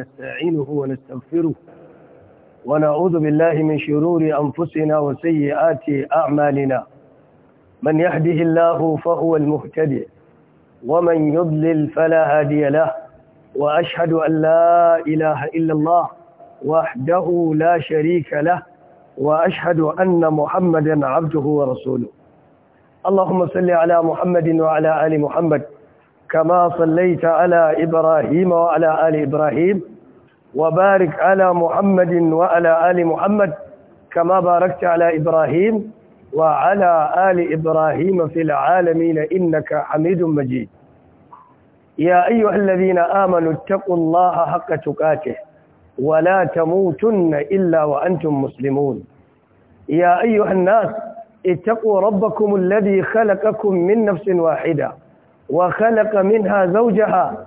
ونستعينه ونستغفره ونعوذ بالله من شرور أنفسنا وسيئات أعمالنا من يهده الله فهو المهتدي ومن يضلل فلا هادي له وأشهد أن لا إله إلا الله وحده لا شريك له وأشهد أن محمدا عبده ورسوله اللهم صل على محمد وعلى آل محمد كما صليت على إبراهيم وعلى آل إبراهيم وبارك على محمد وعلى آل محمد كما باركت على إبراهيم وعلى آل إبراهيم في العالمين إنك حميد مجيد يا أيها الذين آمنوا اتقوا الله حق تقاته ولا تموتن إلا وأنتم مسلمون يا أيها الناس اتقوا ربكم الذي خلقكم من نفس واحدة وخلق منها زوجها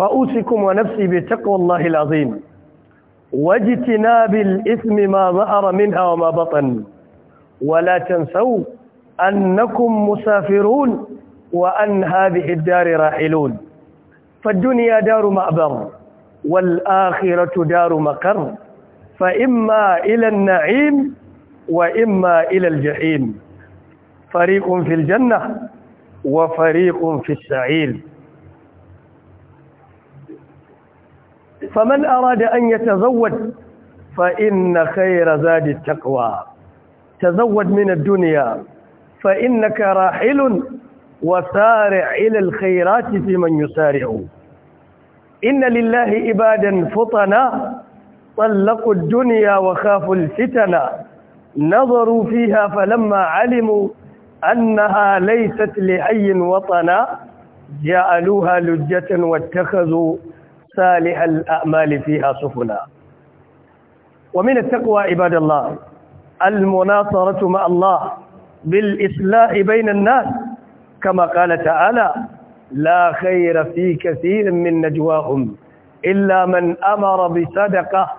فأوصيكم ونفسي بتقوى الله العظيم واجتناب الإثم ما ظهر منها وما بطن ولا تنسوا أنكم مسافرون وأن هذه الدار راحلون فالدنيا دار مأبر والآخرة دار مقر فإما إلى النعيم وإما إلى الجحيم فريق في الجنة وفريق في السعير فمن أراد أن يتزود فإن خير زاد التقوى تزود من الدنيا فإنك راحل وسارع إلى الخيرات في من يسارع إن لله عبادا فطنا طلقوا الدنيا وخافوا الفتنا نظروا فيها فلما علموا أنها ليست لحي وطنا جعلوها لجة واتخذوا صالح الأعمال فيها سفنا ومن التقوى عباد الله المناصرة مع الله بالإصلاح بين الناس كما قال تعالى لا خير في كثير من نجواهم إلا من أمر بصدقة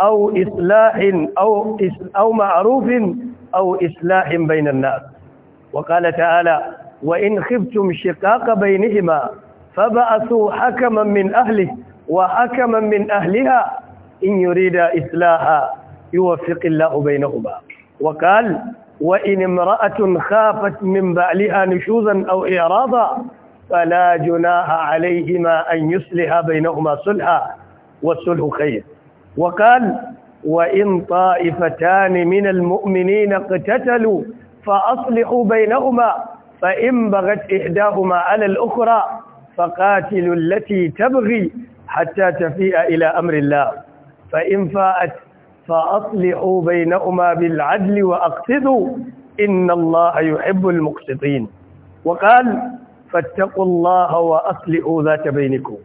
أو إصلاح أو, أو معروف أو إصلاح بين الناس وقال تعالى وإن خفتم شقاق بينهما فبعثوا حكما من أهله وحكما من أهلها إن يريد إصلاحا يوفق الله بينهما وقال وإن امرأة خافت من بعلها نشوزا أو إعراضا فلا جناح عليهما أن يصلح بينهما صلحا والصلح خير وقال وإن طائفتان من المؤمنين اقتتلوا فأصلحوا بينهما فإن بغت إحداهما على الأخرى فقاتلوا التي تبغي حتى تفيء إلى أمر الله فإن فاءت فأصلحوا بينهما بالعدل وأقسطوا إن الله يحب المقسطين وقال فاتقوا الله وأصلحوا ذات بينكم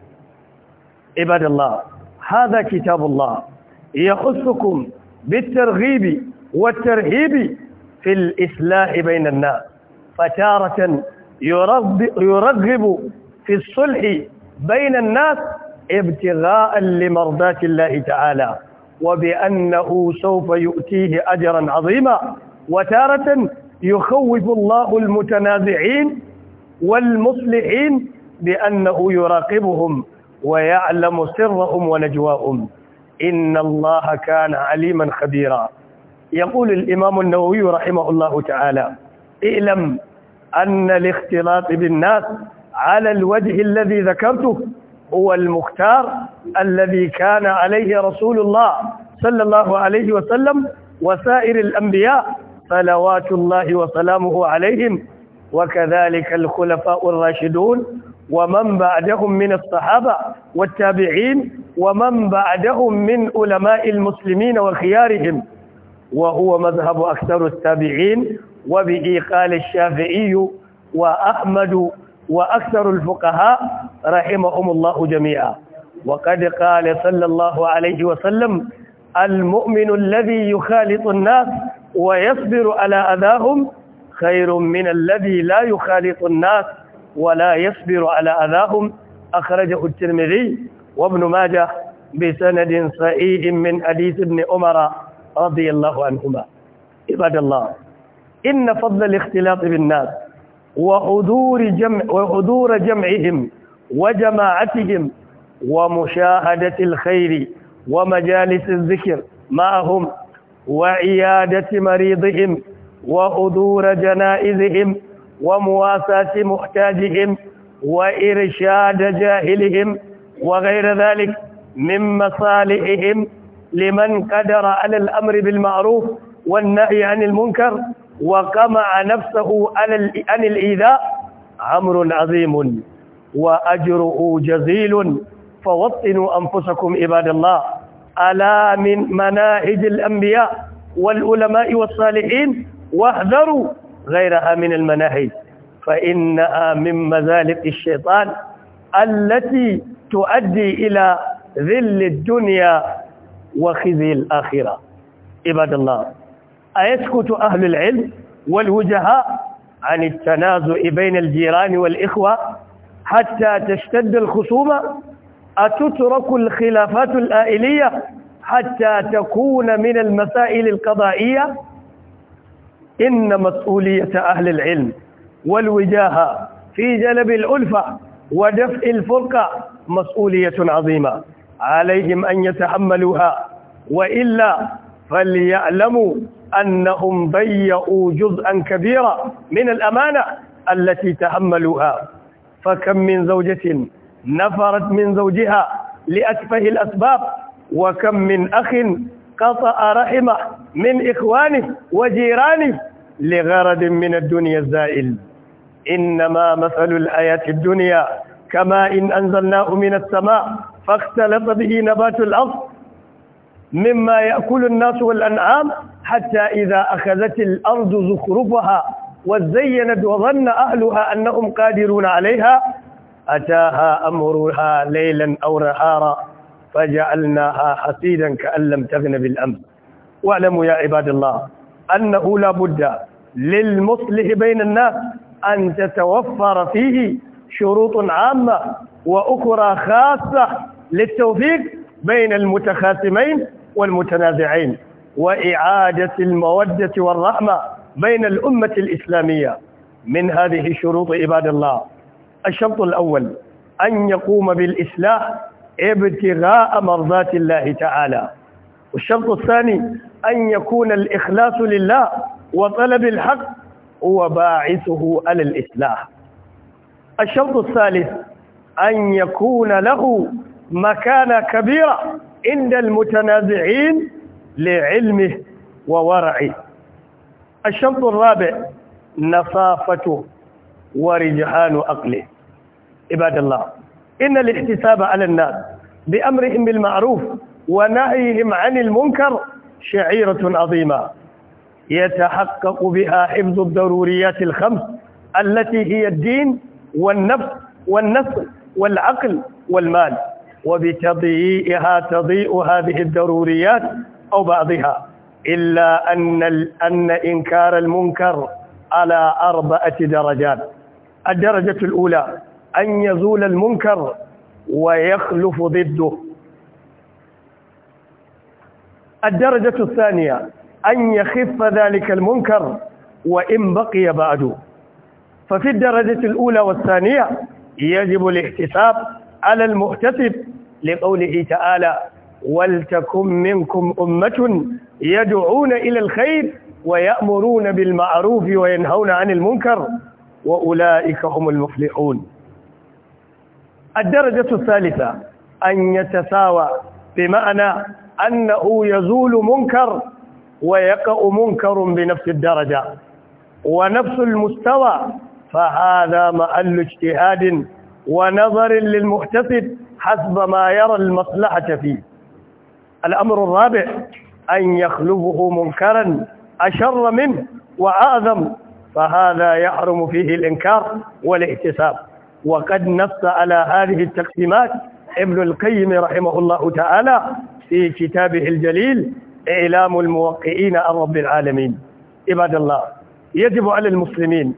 عباد الله هذا كتاب الله يخصكم بالترغيب والترهيب في الإصلاح بين الناس فتارة يرغب في الصلح بين الناس ابتغاء لمرضات الله تعالى وبأنه سوف يؤتيه أجرا عظيما وتارة يخوف الله المتنازعين والمصلحين بأنه يراقبهم ويعلم سرهم ونجواهم إن الله كان عليما خبيرا يقول الإمام النووي رحمه الله تعالى اعلم أن الاختلاط بالناس على الوجه الذي ذكرته هو المختار الذي كان عليه رسول الله صلى الله عليه وسلم وسائر الأنبياء صلوات الله وسلامه عليهم وكذلك الخلفاء الراشدون ومن بعدهم من الصحابة والتابعين ومن بعدهم من علماء المسلمين وخيارهم وهو مذهب أكثر التابعين وبه قال الشافعي وأحمد وأكثر الفقهاء رحمهم الله جميعا وقد قال صلى الله عليه وسلم المؤمن الذي يخالط الناس ويصبر على أذاهم خير من الذي لا يخالط الناس ولا يصبر على أذاهم أخرجه الترمذي وابن ماجه بسند صحيح من حديث ابن عمر رضي الله عنهما عباد الله إن فضل الاختلاط بالناس وحضور جمع وحضور جمعهم وجماعتهم ومشاهدة الخير ومجالس الذكر معهم وعيادة مريضهم وحضور جنائزهم ومواساة محتاجهم وإرشاد جاهلهم وغير ذلك من مصالحهم لمن قدر على الأمر بالمعروف والنهي عن المنكر وقمع نفسه عن الإيذاء عمر عظيم وأجره جزيل فوطنوا أنفسكم عباد الله ألا من مناهج الأنبياء والعلماء والصالحين واحذروا غيرها من المناهج فإنها من مزالق الشيطان التي تؤدي إلى ذل الدنيا وخزي الآخرة عباد الله أيسكت أهل العلم والوجهاء عن التنازع بين الجيران والإخوة حتى تشتد الخصومة أتترك الخلافات الآئلية حتى تكون من المسائل القضائية إن مسؤولية أهل العلم والوجاهة في جلب الألفة ودفء الفرقة مسؤولية عظيمة عليهم أن يتحملوها وإلا فليعلموا أنهم ضيعوا جزءا كبيرا من الأمانة التي تحملوها فكم من زوجة نفرت من زوجها لأتفه الأسباب وكم من أخ قطع رحمه من إخوانه وجيرانه لغرض من الدنيا الزائل إنما مثل الآية الدنيا كما إن أنزلناه من السماء فاختلط به نبات الأرض مما يأكل الناس والأنعام حتى إذا أخذت الأرض زخرفها وزينت وظن أهلها أنهم قادرون عليها أتاها أمرها ليلا أو نهارا فجعلناها حصيدا كأن لم تغن بالأمس واعلموا يا عباد الله أنه لا بد للمصلح بين الناس أن تتوفر فيه شروط عامة وأخرى خاصة للتوفيق بين المتخاصمين والمتنازعين وإعادة المودة والرحمة بين الأمة الإسلامية من هذه الشروط عباد الله الشرط الأول أن يقوم بالإصلاح ابتغاء مرضات الله تعالى والشرط الثاني أن يكون الإخلاص لله وطلب الحق هو باعثه على الإصلاح الشرط الثالث أن يكون له مكانة كبيرة عند المتنازعين لعلمه وورعه الشرط الرابع نصافته ورجحان عقله عباد الله إن الاحتساب على الناس بأمرهم بالمعروف ونهيهم عن المنكر شعيرة عظيمة يتحقق بها حفظ الضروريات الخمس التي هي الدين والنفس والنسل والعقل والمال وبتضييئها تضيء هذه الضروريات أو بعضها إلا أن, أن إنكار المنكر على أربعة درجات الدرجة الأولى أن يزول المنكر ويخلف ضده الدرجة الثانية أن يخف ذلك المنكر وإن بقي بعده ففي الدرجة الأولى والثانية يجب الاحتساب على المحتسب لقوله تعالى ولتكن منكم أمة يدعون إلى الخير ويأمرون بالمعروف وينهون عن المنكر وأولئك هم المفلحون الدرجة الثالثة أن يتساوى بمعنى أنه يزول منكر ويقع منكر بنفس الدرجة ونفس المستوى فهذا محل اجتهاد ونظر للمحتسب حسب ما يرى المصلحة فيه الأمر الرابع أن يخلبه منكرا أشر منه وأعظم فهذا يحرم فيه الإنكار والاحتساب وقد نص على هذه التقسيمات ابن القيم رحمه الله تعالى في كتابه الجليل إعلام الموقعين عن رب العالمين عباد الله يجب على المسلمين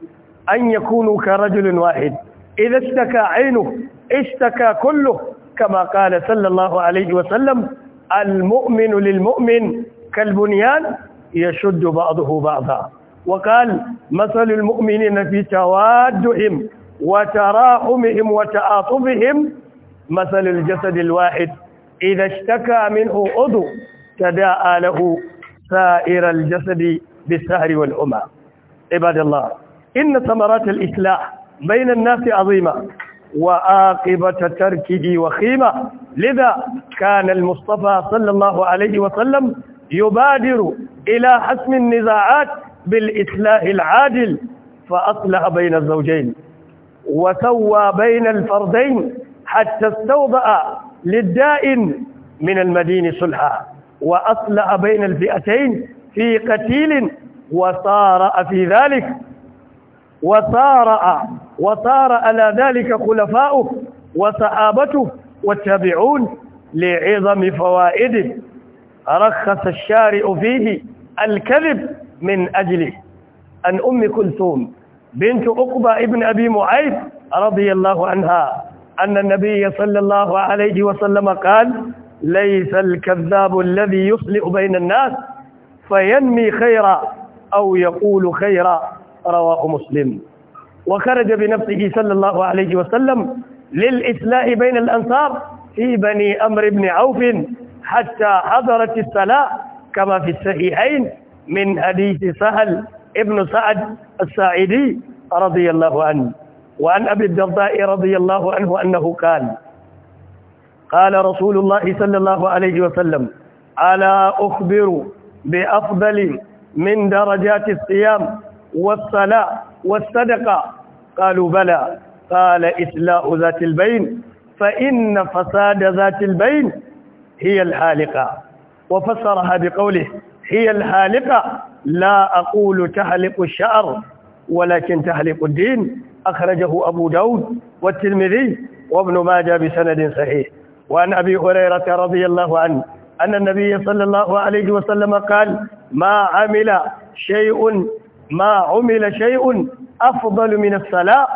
أن يكونوا كرجل واحد إذا اشتكى عينه اشتكى كله كما قال صلى الله عليه وسلم المؤمن للمؤمن كالبنيان يشد بعضه بعضا وقال مثل المؤمنين في توادهم وتراحمهم وتعاطفهم مثل الجسد الواحد إذا اشتكى منه عضو تداعى له سائر الجسد بالسهر والعمى عباد الله إن ثمرات الإصلاح بين الناس عظيمة وآقبة تركه وخيمة لذا كان المصطفى صلى الله عليه وسلم يبادر إلى حسم النزاعات بالإصلاح العادل فأصلح بين الزوجين وسوى بين الفردين حتى استوضأ للدائن من المدين صلحا وأصلح بين الفئتين في قتيل وصارأ في ذلك وصارأ وصار على ذلك خلفاؤه وصحابته والتابعون لعظم فوائده رخص الشارع فيه الكذب من أجله أن أم كلثوم بنت أقبى ابن أبي معيط رضي الله عنها أن النبي صلى الله عليه وسلم قال ليس الكذاب الذي يصلح بين الناس فينمي خيرا أو يقول خيرا رواه مسلم وخرج بنفسه صلى الله عليه وسلم للإسلاء بين الأنصار في بني أمر بن عوف حتى حضرت الصلاة كما في الصحيحين من حديث سهل ابن سعد الساعدي رضي الله عنه وعن أبي الدرداء رضي الله عنه أنه قال قال رسول الله صلى الله عليه وسلم ألا أخبر بأفضل من درجات الصيام والصلاة والصدقة قالوا بلى قال إسلاء ذات البين فإن فساد ذات البين هي الحالقة وفسرها بقوله هي الحالقة لا أقول تحلق الشعر ولكن تحلق الدين أخرجه أبو داود والترمذي وابن ماجه بسند صحيح وعن أبي هريرة رضي الله عنه أن النبي صلى الله عليه وسلم قال ما عمل شيء ما عمل شيء أفضل من الصلاة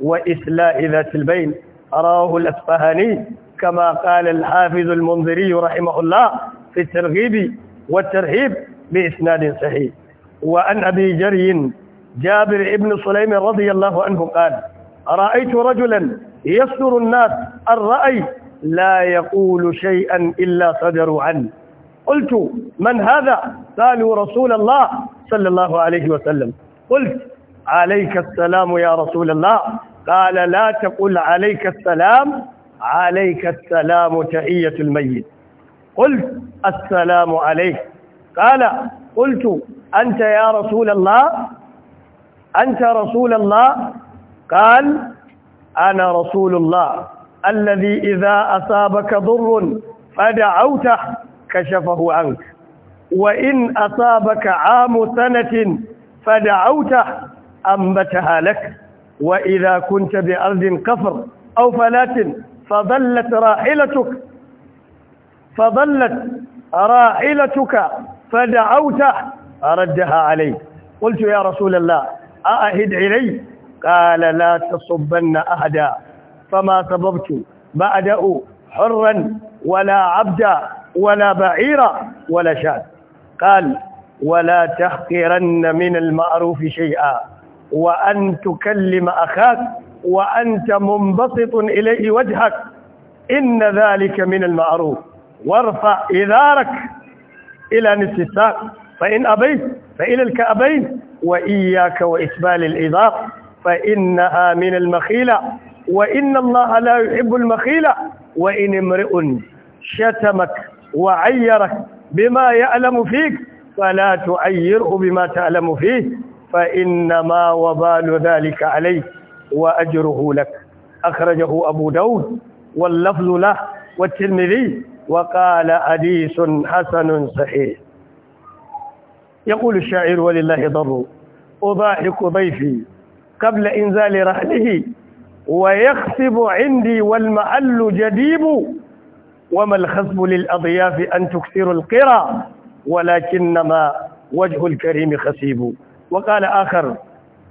وإسلاء ذات البين أراه الأسفهاني كما قال الحافظ المنذري رحمه الله في الترغيب والترهيب بإسناد صحيح وأن أبي جري جابر بن سليم رضي الله عنه قال رأيت رجلا يصدر الناس الرأي لا يقول شيئا إلا صدروا عنه قلت من هذا سالوا رسول الله صلى الله عليه وسلم قلت عليك السلام يا رسول الله قال لا تقل عليك السلام عليك السلام تحية الميت قلت السلام عليك قال قلت أنت يا رسول الله أنت رسول الله قال أنا رسول الله الذي إذا أصابك ضر فدعوته كشفه عنك وإن أصابك عام سنة فدعوته أنبتها لك وإذا كنت بأرض كفر أو فلاة فظلت راحلتك فظلت راحلتك فدعوته أردها علي قلت يا رسول الله أأهد علي قال لا تصبن أهدا فما صببت بعده حرا ولا عبدا ولا بعيرا ولا شاذ قال ولا تحقرن من المعروف شيئا وأن تكلم أخاك وأنت منبسط إليه وجهك إن ذلك من المعروف وارفع إذارك إلى نصف الساق فإن أبيت فإلى الكأبين وإياك وإسبال الإذار فإنها من المخيلة وإن الله لا يحب المخيلة وإن امرئ شتمك وعيرك بما يعلم فيك فلا تعيره بما تعلم فيه فإنما وبال ذلك عليك وأجره لك أخرجه أبو داود واللفظ له والترمذي وقال حديث حسن صحيح يقول الشاعر ولله ضر أضاحك ضيفي قبل إنزال رحله ويخصب عندي والمعل جديب وما الخصب للأضياف أن تكثروا القرى ولكنما وجه الكريم خسيب وقال آخر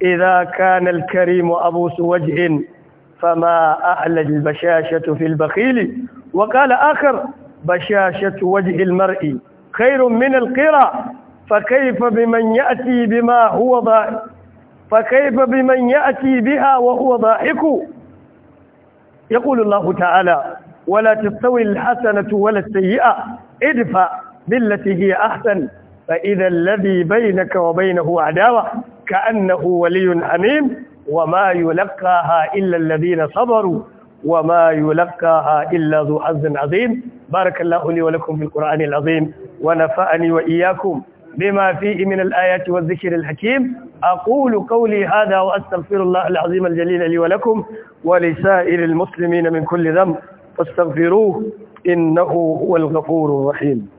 إذا كان الكريم أبوس وجه فما أعلى البشاشة في البخيل وقال آخر بشاشة وجه المرء خير من القرى فكيف بمن يأتي بما هو ضائع فكيف بمن يأتي بها وهو ضاحك يقول الله تعالى ولا تستوي الحسنة ولا السيئة ادفع بالتي هي أحسن فإذا الذي بينك وبينه عداوة كأنه ولي حميم وما يلقاها إلا الذين صبروا وما يلقاها إلا ذو حظ عظيم بارك الله لي ولكم في القرآن العظيم ونفعني وإياكم بما فيه من الآيات والذكر الحكيم أقول قولي هذا وأستغفر الله العظيم الجليل لي ولكم ولسائر المسلمين من كل ذنب فاستغفروه إنه هو الغفور الرحيم